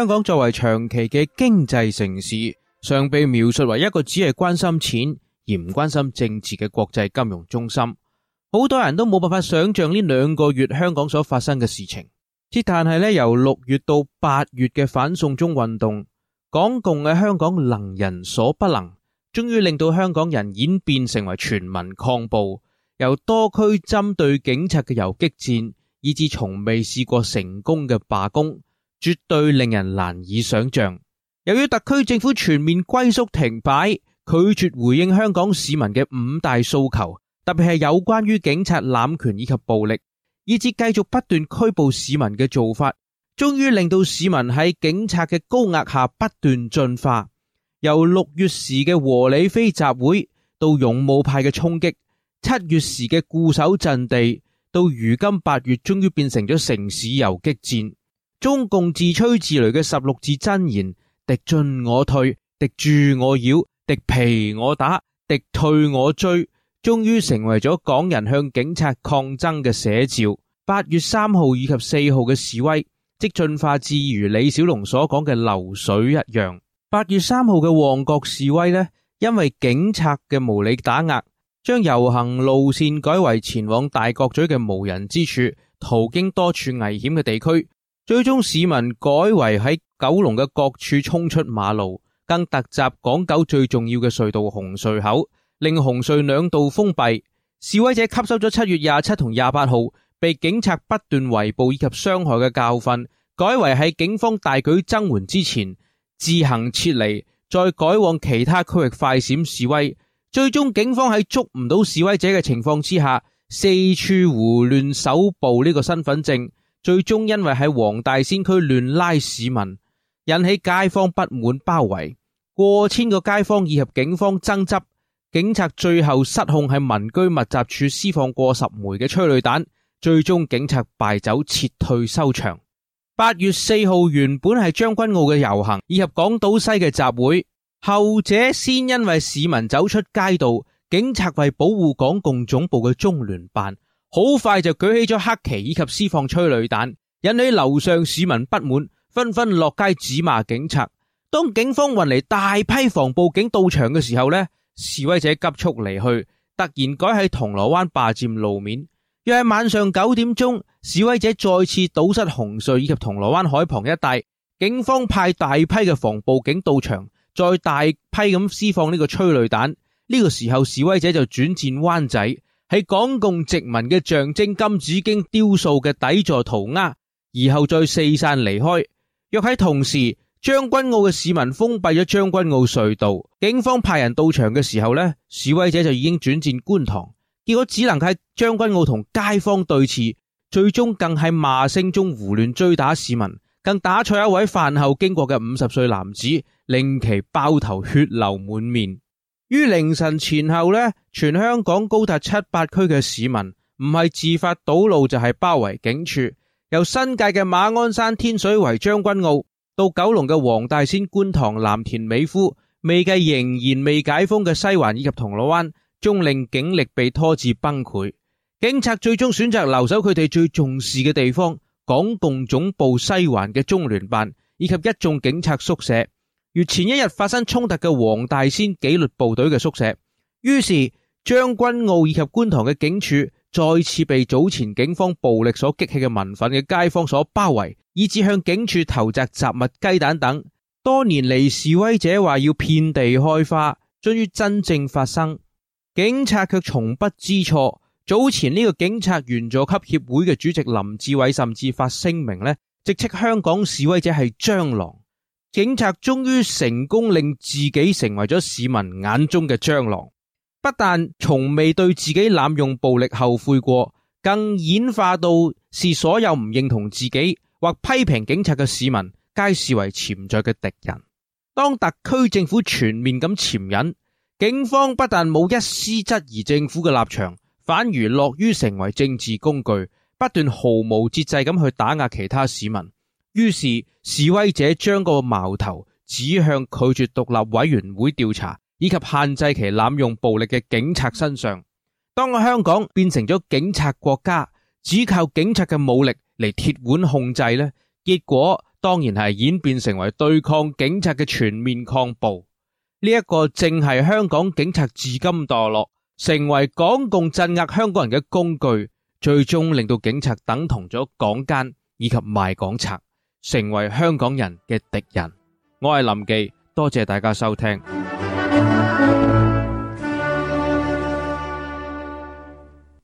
香港作為長期嘅經濟城市，常被描述為一個只係關心錢而唔關心政治嘅國際金融中心。好多人都冇辦法想象呢兩個月香港所發生嘅事情。之但係咧，由六月到八月嘅反送中運動，港共喺香港能人所不能，終於令到香港人演變成為全民抗暴，由多區針對警察嘅游擊戰，以至從未試過成功嘅罷工。絕對令人難以想象。由於特區政府全面龜縮、停擺、拒絕回應香港市民嘅五大訴求，特別係有關於警察濫權以及暴力，以至繼續不斷拘捕市民嘅做法，終於令到市民喺警察嘅高壓下不斷進化。由六月時嘅和理非集會，到勇武派嘅衝擊；七月時嘅固守陣地，到如今八月，終於變成咗城市游擊戰。中共自吹自擂嘅十六字真言：敵進我退，敵駐我擾，敵疲我打，敵退我追，終於成為咗港人向警察抗爭嘅寫照。八月三號以及四號嘅示威，即進化至如李小龍所講嘅流水一樣。八月三號嘅旺角示威咧，因為警察嘅無理打壓，將遊行路線改為前往大角咀嘅無人之處，途經多處危險嘅地區。最終市民改為喺九龍嘅各處衝出馬路，更突襲港九最重要嘅隧道紅隧口，令紅隧兩度封閉。示威者吸收咗七月廿七同廿八號被警察不斷圍捕以及傷害嘅教訓，改為喺警方大舉增援之前自行撤離，再改往其他區域快閃示威。最終警方喺捉唔到示威者嘅情況之下，四處胡亂搜捕呢個身份證。最終因為喺黃大仙區亂拉市民，引起街坊不滿，包圍過千個街坊以及警方爭執，警察最後失控喺民居密集處施放過十枚嘅催淚彈，最終警察敗走撤退收場。八月四號原本係將軍澳嘅遊行以及港島西嘅集會，後者先因為市民走出街道，警察為保護港共總部嘅中聯辦。好快就舉起咗黑旗以及施放催淚彈，引起樓上市民不滿，紛紛落街指罵警察。當警方運嚟大批防暴警到場嘅時候呢，示威者急速離去，突然改喺銅鑼灣霸佔路面。約喺晚上九點鐘，示威者再次堵塞紅隧以及銅鑼灣海旁一帶。警方派大批嘅防暴警到場，再大批咁施放呢個催淚彈。呢、這個時候，示威者就轉戰灣仔。喺港共殖民嘅象徵金紫荊雕塑嘅底座塗鴉，而後再四散離開。若喺同時，將軍澳嘅市民封閉咗將軍澳隧道，警方派人到場嘅時候咧，示威者就已經轉戰觀塘，結果只能喺將軍澳同街坊對峙，最終更喺罵聲中胡亂追打市民，更打錯一位飯後經過嘅五十歲男子，令其爆頭血流滿面。於凌晨前後呢，全香港高達七八區嘅市民，唔係自發堵路就係包圍警署，由新界嘅馬鞍山、天水圍、將軍澳到九龍嘅黃大仙、觀塘、藍田、美孚，未計仍然未解封嘅西環以及銅鑼灣，終令警力被拖至崩潰。警察最終選擇留守佢哋最重視嘅地方——港共總部西環嘅中聯辦以及一眾警察宿舍。如前一日發生衝突嘅黃大仙紀律部隊嘅宿舍，於是將軍澳以及觀塘嘅警署，再次被早前警方暴力所激起嘅民憤嘅街坊所包圍，以致向警署投擲雜物、雞蛋等。多年嚟示威者話要遍地開花，終於真正發生。警察卻從不知錯。早前呢個警察員佐級協會嘅主席林志偉甚至發聲明呢，直斥香港示威者係蟑螂。警察終於成功令自己成為咗市民眼中嘅蟑螂，不但從未對自己濫用暴力後悔過，更演化到是所有唔認同自己或批評警察嘅市民皆視為潛在嘅敵人。當特區政府全面咁潛忍，警方不但冇一絲質疑政府嘅立場，反而樂於成為政治工具，不斷毫無節制咁去打壓其他市民。於是示威者將個矛頭指向拒絕獨立委員會調查以及限制其濫用暴力嘅警察身上。當個香港變成咗警察國家，只靠警察嘅武力嚟鐵腕控制呢，結果當然係演變成為對抗警察嘅全面抗暴。呢一個正係香港警察至今墮落，成為港共鎮壓香港人嘅工具，最終令到警察等同咗港奸以及賣港賊。成為香港人嘅敵人，我係林忌，多謝大家收聽。